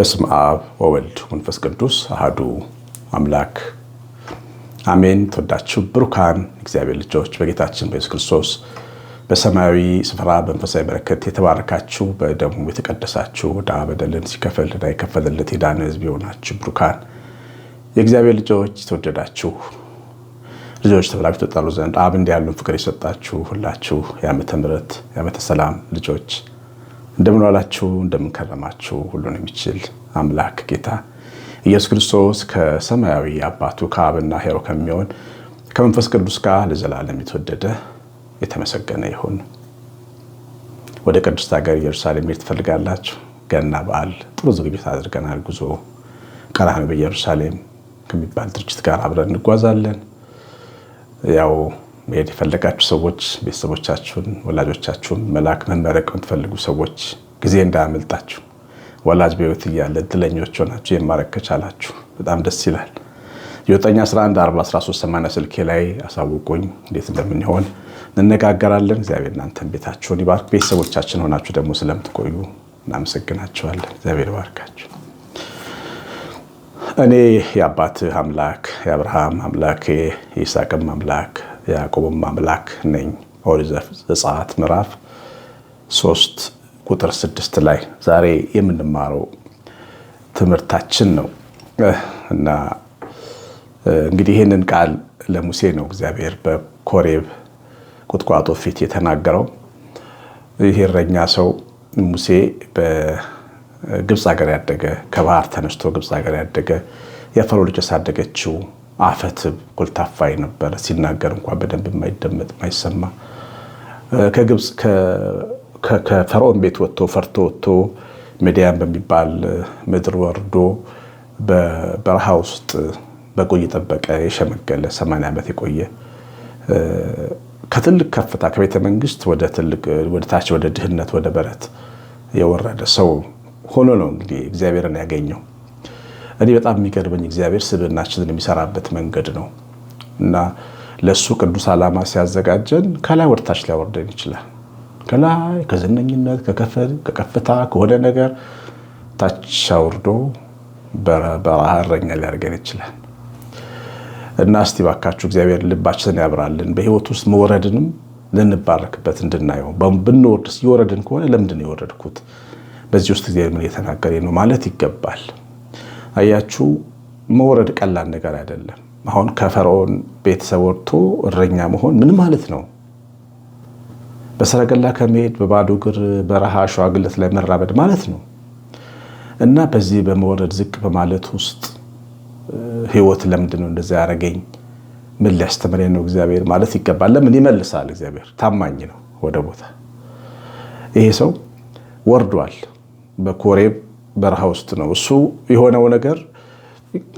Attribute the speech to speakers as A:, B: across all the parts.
A: በስም አብ ወወልድ መንፈስ ቅዱስ አህዱ አምላክ አሜን። ተወዳችሁ ብሩካን እግዚአብሔር ልጆች በጌታችን በኢየሱስ ክርስቶስ በሰማያዊ ስፍራ በመንፈሳዊ በረከት የተባረካችሁ በደሙ የተቀደሳችሁ ዕዳ በደልን ሲከፈል ዕዳ የከፈለለት የዳነ ሕዝብ የሆናችሁ ብሩካን የእግዚአብሔር ልጆች የተወደዳችሁ ልጆች ተብላችሁ ተጠሩ ዘንድ አብ እንዲህ ያሉን ፍቅር የሰጣችሁ ሁላችሁ የዓመተ ምሕረት የዓመተ ሰላም ልጆች እንደምን ዋላችሁ፣ እንደምን ከረማችሁ። ሁሉን የሚችል አምላክ ጌታ ኢየሱስ ክርስቶስ ከሰማያዊ አባቱ ከአብና ሄሮ ከሚሆን ከመንፈስ ቅዱስ ጋር ለዘላለም የተወደደ የተመሰገነ ይሁን። ወደ ቅድስት ሀገር ኢየሩሳሌም መሄድ ትፈልጋላችሁ? ገና በዓል ጥሩ ዝግጅት አድርገናል። ጉዞ ቀራንዮ በኢየሩሳሌም ከሚባል ድርጅት ጋር አብረን እንጓዛለን። ያው መሄድ የፈለጋችሁ ሰዎች ቤተሰቦቻችሁን፣ ወላጆቻችሁን መላክ መመረቅ የምትፈልጉ ሰዎች ጊዜ እንዳያመልጣችሁ። ወላጅ በህይወት እያለ እድለኞች ሆናችሁ የማረግ ከቻላችሁ በጣም ደስ ይላል። የወጠኛ የ9114138 ስልኬ ላይ አሳውቁኝ እንዴት እንደምንሆን እንነጋገራለን። እግዚአብሔር እናንተን ቤታችሁን ይባርክ። ቤተሰቦቻችን ሆናችሁ ደግሞ ስለምትቆዩ እናመሰግናችኋለን። እግዚአብሔር ባርካችሁ። እኔ የአባትህ አምላክ የአብርሃም አምላክ የይስሐቅም አምላክ የያዕቆብም አምላክ ነኝ። ኦሪት ዘጸአት ምዕራፍ ሶስት ቁጥር ስድስት ላይ ዛሬ የምንማረው ትምህርታችን ነው እና እንግዲህ ይህንን ቃል ለሙሴ ነው እግዚአብሔር በኮሬብ ቁጥቋጦ ፊት የተናገረው። ይህ እረኛ ሰው ሙሴ በግብፅ ሀገር ያደገ ከባህር ተነስቶ ግብፅ ሀገር ያደገ የፈሮ ልጅ ያሳደገችው አፈትብ ኮልታፋ ነበረ። ሲናገር እንኳ በደንብ የማይደመጥ የማይሰማ ከግብፅ ከፈርዖን ቤት ወጥቶ ፈርቶ ወጥቶ ሜዲያን በሚባል ምድር ወርዶ በበረሃ ውስጥ በጎ እየጠበቀ የሸመገለ 80 ዓመት የቆየ ከትልቅ ከፍታ ከቤተ መንግስት ወደ ትልቅ ወደ ታች ወደ ድህነት ወደ በረት የወረደ ሰው ሆኖ ነው እንግዲህ እግዚአብሔርን ያገኘው። እኔ በጣም የሚገርመኝ እግዚአብሔር ስብዕናችንን የሚሰራበት መንገድ ነው እና ለእሱ ቅዱስ ዓላማ ሲያዘጋጀን ከላይ ወደታች ሊያወርደን ይችላል። ከላይ ከዝነኝነት ከከፍታ ከሆነ ነገር ታች አውርዶ በረሃ እረኛ ሊያደርገን ይችላል እና እስቲ ባካችሁ እግዚአብሔር ልባችንን ያብራልን። በህይወት ውስጥ መውረድንም ልንባረክበት እንድናየው ብንወርድ የወረድን ከሆነ ለምንድን ነው የወረድኩት? በዚህ ውስጥ እግዚአብሔር ምን እየተናገረ ነው ማለት ይገባል። አያችሁ መውረድ ቀላል ነገር አይደለም። አሁን ከፈርዖን ቤተሰብ ወጥቶ እረኛ መሆን ምን ማለት ነው? በሰረገላ ከመሄድ በባዶ እግር በረሃ ሸዋግለት ላይ መራመድ ማለት ነው እና በዚህ በመውረድ ዝቅ በማለት ውስጥ ህይወት ለምንድን ነው እንደዚያ ያደረገኝ? ምን ሊያስተምረኝ ነው እግዚአብሔር ማለት ይገባል። ለምን ይመልሳል? እግዚአብሔር ታማኝ ነው። ወደ ቦታ ይሄ ሰው ወርዷል በኮሬብ በረሃ ውስጥ ነው። እሱ የሆነው ነገር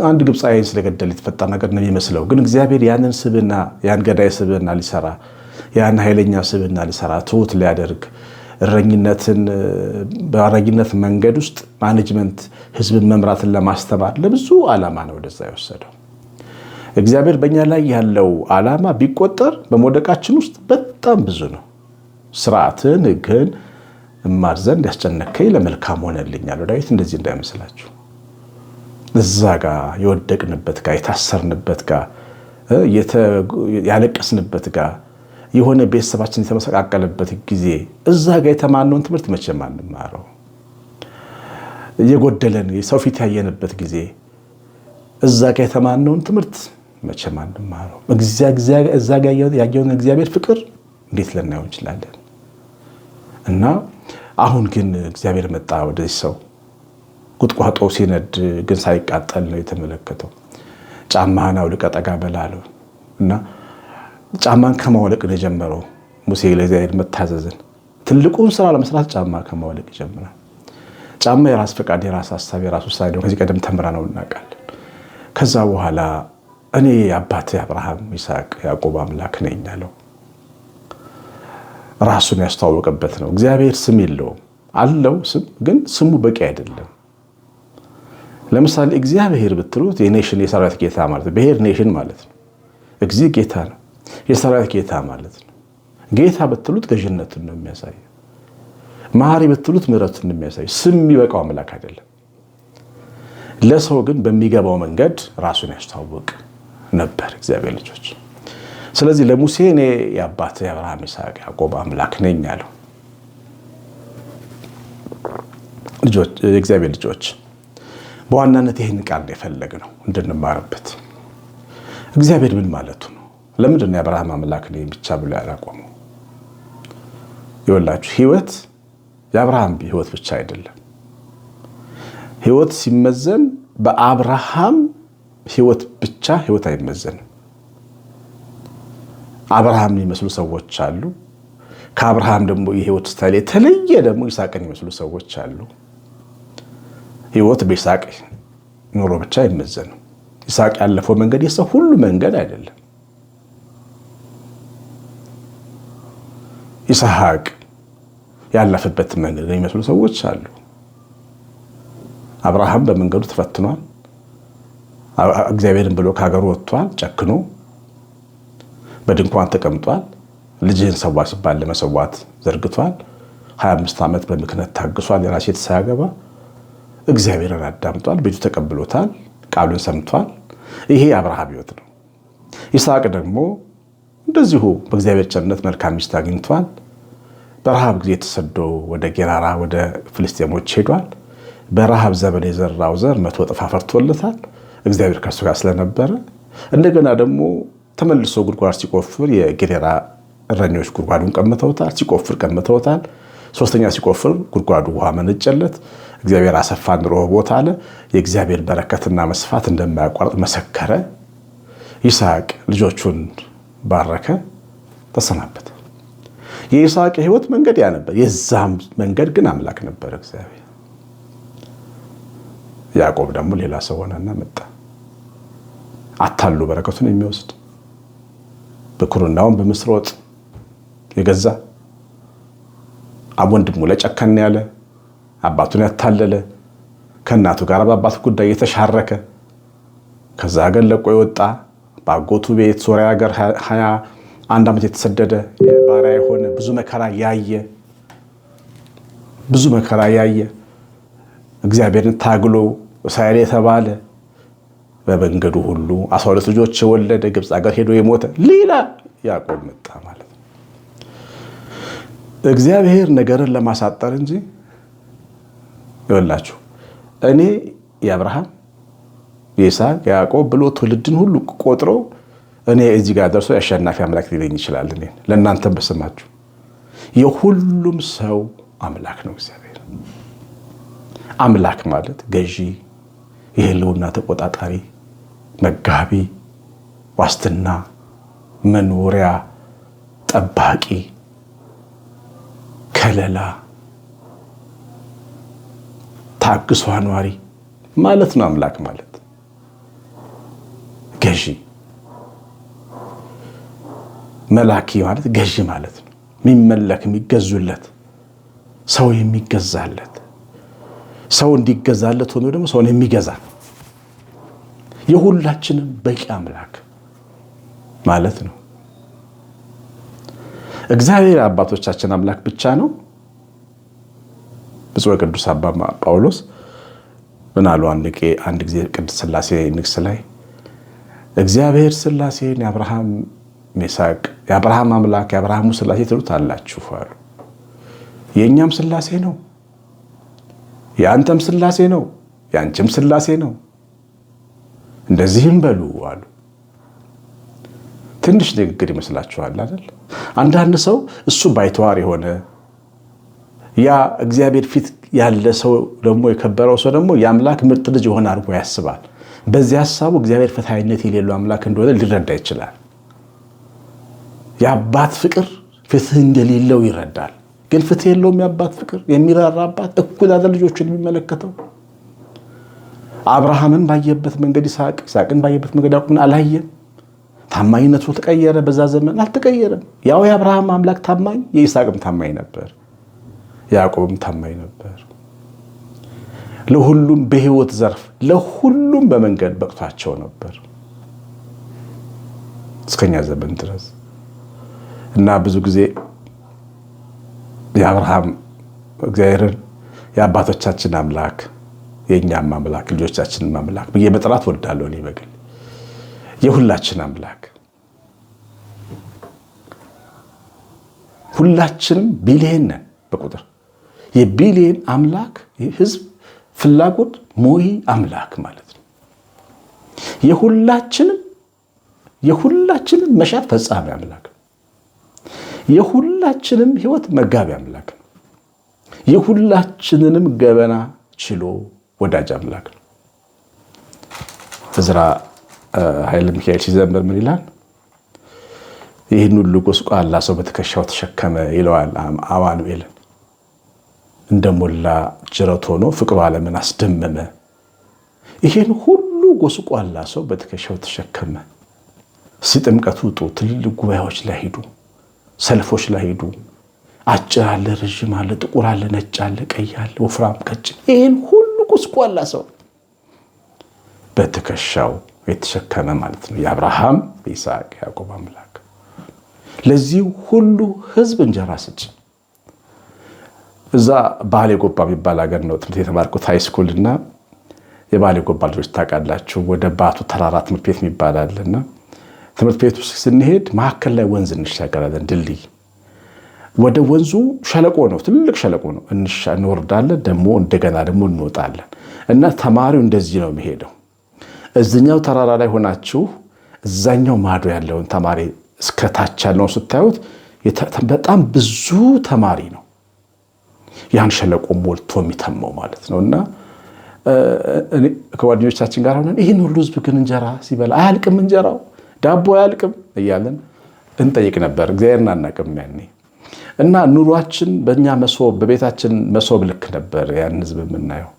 A: አንድ ግብፃዊ ስለገደል የተፈጣ ነገር ነው የሚመስለው። ግን እግዚአብሔር ያንን ስብና ያን ገዳይ ስብና ሊሰራ ያን ኃይለኛ ስብና ሊሰራ ትት ሊያደርግ እረኝነትን በእረኝነት መንገድ ውስጥ ማኔጅመንት ህዝብን መምራትን ለማስተማር ለብዙ ዓላማ ነው ወደዛ የወሰደው። እግዚአብሔር በእኛ ላይ ያለው ዓላማ ቢቆጠር በመውደቃችን ውስጥ በጣም ብዙ ነው። ስርዓትን፣ ህግን እማር ዘንድ ያስጨነከኝ ለመልካም አለው ዳዊት እንደዚህ እንዳይመስላችሁ እዛ ጋ የወደቅንበት ጋ የታሰርንበት ጋ ያለቀስንበት ጋ የሆነ ቤተሰባችን የተመሰቃቀለበት ጊዜ እዛ ጋ የተማነውን ትምህርት መቼም አንማረው። የጎደለን ሰው ፊት ያየንበት ጊዜ እዛ ጋ የተማነውን ትምህርት መቼም አንማረው። እዛ ጋ ያየውን እግዚአብሔር ፍቅር እንዴት ልናየው እንችላለን? እና አሁን ግን እግዚአብሔር መጣ ወደዚህ ሰው። ቁጥቋጦ ሲነድ ግን ሳይቃጠል ነው የተመለከተው። ጫማህን አውልቀ ጠጋ በላለው እና ጫማን ከማውለቅ ነው የጀመረው። ሙሴ ለእግዚአብሔር መታዘዝን ትልቁን ስራ ለመስራት ጫማ ከማውለቅ ይጀምራል። ጫማ የራስ ፈቃድ፣ የራስ ሀሳብ፣ የራስ ውሳኔ ከዚህ ቀደም ተምራ ነው እናውቃለን። ከዛ በኋላ እኔ አባት አብርሃም፣ ይስሐቅ፣ ያዕቆብ አምላክ ነኝ ያለው ራሱን ያስተዋወቀበት ነው። እግዚአብሔር ስም የለውም አለው ስም ግን ስሙ በቂ አይደለም። ለምሳሌ እግዚአብሔር ብትሉት የኔሽን የሰራዊት ጌታ ማለት ነው። ብሔር ኔሽን ማለት ነው። እግዚእ ጌታ ነው፣ የሰራዊት ጌታ ማለት ነው። ጌታ ብትሉት ገዥነትን ነው የሚያሳየው። መሐሪ ብትሉት ምረቱን ነው የሚያሳየው። ስም የሚበቃው አምላክ አይደለም። ለሰው ግን በሚገባው መንገድ ራሱን ያስተዋወቅ ነበር እግዚአብሔር ልጆች ስለዚህ ለሙሴ እኔ የአባት የአብርሃም ይስሐቅ ያዕቆብ አምላክ ነኝ አለው። የእግዚአብሔር ልጆች በዋናነት ይህን ቃል የፈለግ ነው እንድንማርበት። እግዚአብሔር ምን ማለቱ ነው? ለምንድን ነው የአብርሃም አምላክ ነኝ ብቻ ብሎ ያላቆመው? ይወላችሁ ህይወት የአብርሃም ህይወት ብቻ አይደለም። ህይወት ሲመዘን በአብርሃም ህይወት ብቻ ህይወት አይመዘንም። አብርሃም የሚመስሉ ሰዎች አሉ። ከአብርሃም ደግሞ የህይወት ስታይል የተለየ ደግሞ ይስሐቅን የሚመስሉ ሰዎች አሉ። ህይወት በይስሐቅ ኑሮ ብቻ አይመዘንም። ይስሐቅ ያለፈው መንገድ የሰው ሁሉ መንገድ አይደለም። ይስሐቅ ያለፈበት መንገድ የሚመስሉ ሰዎች አሉ። አብርሃም በመንገዱ ተፈትኗል። እግዚአብሔርን ብሎ ከሀገሩ ወጥቷል ጨክኖ በድንኳን ተቀምጧል። ልጅህን ሰዋ ሲባል ለመሰዋት ዘርግቷል። 25 ዓመት በምክነት ታግሷል። የራሴ ሴት ሳያገባ እግዚአብሔርን አዳምጧል። ቤቱ ተቀብሎታል። ቃሉን ሰምቷል። ይሄ የአብርሃም ህይወት ነው። ይስሐቅ ደግሞ እንደዚሁ በእግዚአብሔር ቸርነት መልካም ሚስት አግኝቷል። በረሃብ ጊዜ ተሰዶ ወደ ጌራራ ወደ ፍልስጤሞች ሄዷል። በረሃብ ዘመን የዘራው ዘር መቶ እጥፍ አፍርቶለታል። እግዚአብሔር ከእሱ ጋር ስለነበረ እንደገና ደግሞ ተመልሶ ጉድጓድ ሲቆፍር የጌዴራ እረኞች ጉድጓዱን ቀምተውታል፣ ሲቆፍር ቀምተውታል። ሶስተኛ ሲቆፍር ጉድጓዱ ውሃ መነጨለት። እግዚአብሔር አሰፋን ቦታ አለ። የእግዚአብሔር በረከትና መስፋት እንደማያቋርጥ መሰከረ። ይስሐቅ ልጆቹን ባረከ፣ ተሰናበተ። የይስሐቅ ህይወት መንገድ ያ ነበር። የዛም መንገድ ግን አምላክ ነበር እግዚአብሔር። ያዕቆብ ደግሞ ሌላ ሰው ሆነና መጣ፣ አታሉ በረከቱን የሚወስድ ብኩርናውን በምስር ወጥ የገዛ ወንድሙ ላይ ጨከን ያለ አባቱን ያታለለ ከእናቱ ጋር በአባቱ ጉዳይ የተሻረከ ከዛ ሀገር ለቆ የወጣ በአጎቱ ቤት ሶሪያ ሀገር ሀያ አንድ ዓመት የተሰደደ ባሪያ የሆነ ብዙ መከራ ያየ ብዙ መከራ ያየ እግዚአብሔርን ታግሎ እስራኤል የተባለ በመንገዱ ሁሉ አስራ ሁለት ልጆች የወለደ ግብፅ ሀገር ሄዶ የሞተ ሌላ ያዕቆብ መጣ ማለት ነው። እግዚአብሔር ነገርን ለማሳጠር እንጂ ይወላችሁ እኔ የአብርሃም የይስሐቅ የያዕቆብ ብሎ ትውልድን ሁሉ ቆጥሮ እኔ እዚህ ጋር ደርሶ የአሸናፊ አምላክ ሊለኝ ይችላል። እኔ ለእናንተም በስማችሁ የሁሉም ሰው አምላክ ነው እግዚአብሔር። አምላክ ማለት ገዢ፣ የህልውና ተቆጣጣሪ መጋቢ፣ ዋስትና፣ መኖሪያ፣ ጠባቂ፣ ከለላ፣ ታግሶ አኗሪ ማለት ነው። አምላክ ማለት ገዢ መላኪ ማለት ገዢ ማለት ነው። የሚመለክ የሚገዙለት ሰው የሚገዛለት ሰው እንዲገዛለት ሆኖ ደግሞ ሰውን የሚገዛ የሁላችንም በቂ አምላክ ማለት ነው። እግዚአብሔር አባቶቻችን አምላክ ብቻ ነው። ብፁዕ ቅዱስ አባ ጳውሎስ ምናሉ አንድ ጊዜ ቅድስት ስላሴ ንግስ ላይ እግዚአብሔር ስላሴን የአብርሃም ሜሳቅ የአብርሃም አምላክ የአብርሃሙ ስላሴ ትሉት አላችሁ አሉ። የእኛም ስላሴ ነው፣ የአንተም ስላሴ ነው፣ የአንቺም ስላሴ ነው እንደዚህም በሉ አሉ። ትንሽ ንግግር ይመስላችኋል አይደል? አንዳንድ ሰው እሱ ባይተዋር የሆነ ያ እግዚአብሔር ፊት ያለ ሰው ደግሞ የከበረው ሰው ደግሞ የአምላክ ምርጥ ልጅ የሆነ አድርጎ ያስባል። በዚህ ሀሳቡ እግዚአብሔር ፈታይነት የሌለው አምላክ እንደሆነ ሊረዳ ይችላል። የአባት ፍቅር ፍትህ እንደሌለው ይረዳል። ግን ፍትህ የለውም የአባት ፍቅር። የሚራራ አባት እኩል አለ ልጆቹን የሚመለከተው አብርሃምን ባየበት መንገድ ይስሐቅ፣ ይስሐቅን ባየበት መንገድ ያዕቆብን አላየም። ታማኝነቱ ተቀየረ። በዛ ዘመን አልተቀየረም። ያው የአብርሃም አምላክ ታማኝ፣ የይስሐቅም ታማኝ ነበር፣ ያዕቆብም ታማኝ ነበር። ለሁሉም በህይወት ዘርፍ ለሁሉም በመንገድ በቅቷቸው ነበር እስከኛ ዘመን ድረስ እና ብዙ ጊዜ የአብርሃም እግዚአብሔርን የአባቶቻችን አምላክ የእኛም አምላክ ልጆቻችን አምላክ ብዬ መጥራት ወዳለሁ። እኔ በግል የሁላችን አምላክ ሁላችንም ቢሊየን ነን በቁጥር የቢሊየን አምላክ ህዝብ ፍላጎት ሞይ አምላክ ማለት ነው። የሁላችንም የሁላችንም መሻት ፈጻሚ አምላክ የሁላችንም ህይወት መጋቢ አምላክ ነው። የሁላችንንም ገበና ችሎ ወዳጅ አምላክ ነው። እዝራ ኃይለ ሚካኤል ሲዘምር ምን ይላል? ይህን ሁሉ ጎስቋላ ሰው በትከሻው ተሸከመ ይለዋል አማኑኤልን። እንደሞላ ጅረት ሆኖ ፍቅሩ ዓለምን አስደመመ። ይህን ሁሉ ጎስቋላ ሰው በትከሻው ተሸከመ። ሲጥምቀት ውጡ፣ ትልልቅ ጉባኤዎች ላይ ሂዱ፣ ሰልፎች ላይ ሂዱ። አጭር አለ፣ ረዥም አለ፣ ጥቁር አለ፣ ነጭ አለ፣ ቀይ አለ፣ ወፍራም፣ ቀጭን ይህን ጎስቋላ ሰው በትከሻው የተሸከመ ማለት ነው። የአብርሃም የይስሐቅ ያዕቆብ አምላክ ለዚህ ሁሉ ህዝብ እንጀራ ስጭ። እዛ ባሌ ጎባ የሚባል ሀገር ነው ትምህርት የተማርኩት ሃይስኩል እና የባሌ ጎባ ልጆች ታውቃላችሁ። ወደ ባቱ ተራራ ትምህርት ቤት የሚባል አለና ትምህርት ቤቱ ስንሄድ መካከል ላይ ወንዝ እንሻገራለን ድልድይ ወደ ወንዙ ሸለቆ ነው፣ ትልቅ ሸለቆ ነው። እንወርዳለን፣ ደግሞ እንደገና ደግሞ እንወጣለን እና ተማሪው እንደዚህ ነው የሚሄደው። እዚኛው ተራራ ላይ ሆናችሁ እዛኛው ማዶ ያለውን ተማሪ እስከታች ያለውን ስታዩት በጣም ብዙ ተማሪ ነው ያን ሸለቆ ሞልቶ የሚተመው ማለት ነው። እና ከጓደኞቻችን ጋር ሆነን ይህን ሁሉ ህዝብ ግን እንጀራ ሲበላ አያልቅም፣ እንጀራው ዳቦ አያልቅም እያለን እንጠይቅ ነበር። እግዚአብሔርን አናቅም ያኔ እና ኑሯችን በእኛ መሶብ በቤታችን መሶብ ልክ ነበር ያን ህዝብ የምናየው።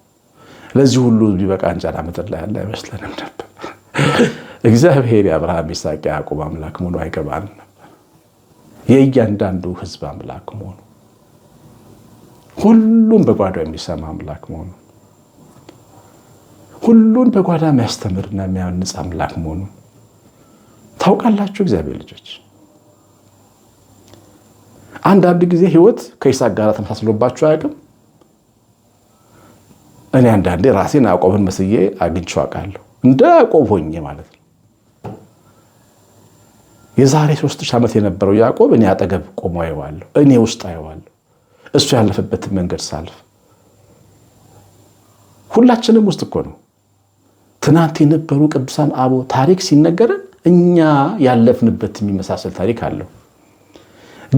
A: ለዚህ ሁሉ ቢበቃ እንጀራ ምድር ላይ ያለ አይመስለንም ነበር። እግዚአብሔር የአብርሃም ይስሐቅ፣ ያዕቆብ አምላክ መሆኑ አይገባን ነበር። የእያንዳንዱ ህዝብ አምላክ መሆኑ፣ ሁሉም በጓዳ የሚሰማ አምላክ መሆኑ፣ ሁሉን በጓዳ የሚያስተምርና የሚያንጽ አምላክ መሆኑ ታውቃላችሁ እግዚአብሔር ልጆች አንዳንድ ጊዜ ህይወት ከሂሳብ ጋር ተመሳስሎባቸው አያውቅም? እኔ አንዳንዴ ራሴን ያዕቆብን መስዬ አግኝቼው አውቃለሁ። እንደ ያዕቆብ ሆኜ ማለት ነው። የዛሬ ሶስት ሺህ ዓመት የነበረው ያዕቆብ እኔ አጠገብ ቆሞ አየዋለሁ፣ እኔ ውስጥ አየዋለሁ፣ እሱ ያለፈበትን መንገድ ሳልፍ። ሁላችንም ውስጥ እኮ ነው። ትናንት የነበሩ ቅዱሳን አቦ ታሪክ ሲነገረን እኛ ያለፍንበት የሚመሳሰል ታሪክ አለው።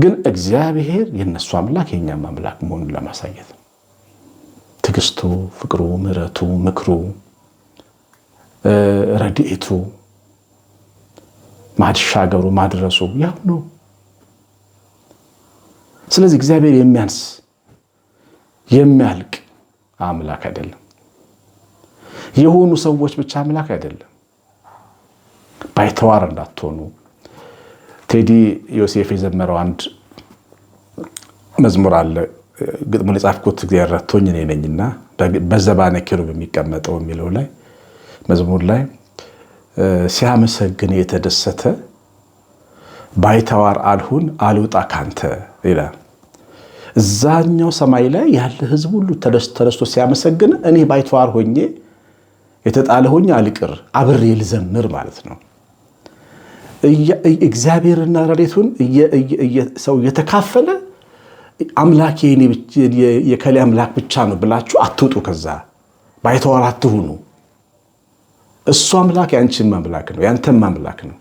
A: ግን እግዚአብሔር የእነሱ አምላክ የእኛም አምላክ መሆኑን ለማሳየት ትዕግስቱ፣ ፍቅሩ፣ ምሕረቱ፣ ምክሩ፣ ረድኤቱ፣ ማድሻገሩ ማድረሱ ያው ነው። ስለዚህ እግዚአብሔር የሚያንስ የሚያልቅ አምላክ አይደለም። የሆኑ ሰዎች ብቻ አምላክ አይደለም። ባይተዋር እንዳትሆኑ ቴዲ ዮሴፍ የዘመረው አንድ መዝሙር አለ። ግጥሙ የጻፍኩት እግዚአብሔር ረቶኝ እኔ ነኝና በዘባነ ኪሩብ የሚቀመጠው የሚለው ላይ መዝሙር ላይ ሲያመሰግን የተደሰተ ባይተዋር አልሁን አልውጣ ካንተ ይላል። እዛኛው ሰማይ ላይ ያለ ህዝብ ሁሉ ተደስቶ ሲያመሰግን እኔ ባይተዋር ሆኜ የተጣለ ሆኜ አልቅር አብሬ ልዘምር ማለት ነው። እግዚአብሔርና ረድኤቱን ሰው እየተካፈለ አምላክ የከሌ አምላክ ብቻ ነው ብላችሁ አትውጡ። ከዛ ባይተዋር አትሁኑ። እሱ አምላክ የአንቺም አምላክ ነው፣ የአንተም አምላክ ነው።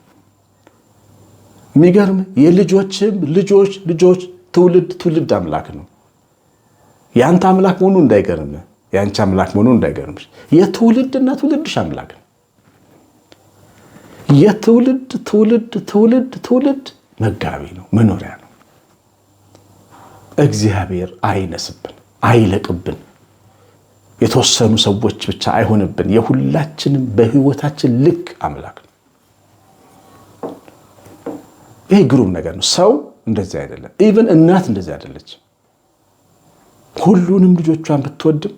A: የሚገርም የልጆችም ልጆች ልጆች ትውልድ ትውልድ አምላክ ነው። የአንተ አምላክ መሆኑ እንዳይገርም፣ የአንቺ አምላክ መሆኑ እንዳይገርም፣ የትውልድና ትውልድሽ አምላክ ነው። የትውልድ ትውልድ ትውልድ ትውልድ መጋቢ ነው፣ መኖሪያ ነው። እግዚአብሔር አይነስብን፣ አይለቅብን። የተወሰኑ ሰዎች ብቻ አይሆንብን። የሁላችንም በህይወታችን ልክ አምላክ ነው። ይሄ ግሩም ነገር ነው። ሰው እንደዚህ አይደለም። ኢቨን እናት እንደዚህ አይደለች። ሁሉንም ልጆቿን ብትወድም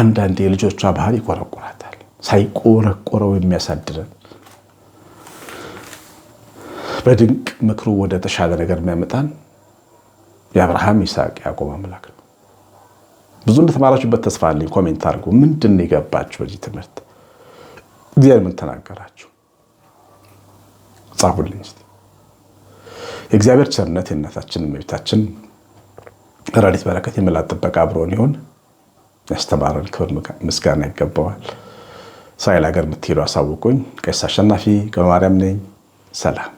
A: አንዳንዴ የልጆቿ ባህል ይቆረቁራል። ሳይቆረቆረው የሚያሳድረን በድንቅ ምክሩ ወደ ተሻለ ነገር የሚያመጣን የአብርሃም ይስሐቅ ያዕቆብ አምላክ ነው። ብዙ እንደተማራችሁበት ተስፋ አለኝ። ኮሜንት አድርጉ። ምንድን ነው የገባችሁ በዚህ ትምህርት? እግዚአብሔር ምን ተናገራችሁ? ጻፉልኝ እስኪ። የእግዚአብሔር ቸርነት የእናታችን እመቤታችን ረድኤት በረከት የመላ ጥበቃ አብሮን ይሆን። ያስተማረን ክብር ምስጋና ይገባዋል። እስራኤል ሀገር የምትሄዱ አሳውቁኝ። ቄስ አሸናፊ ገብረማርያም ነኝ። ሰላም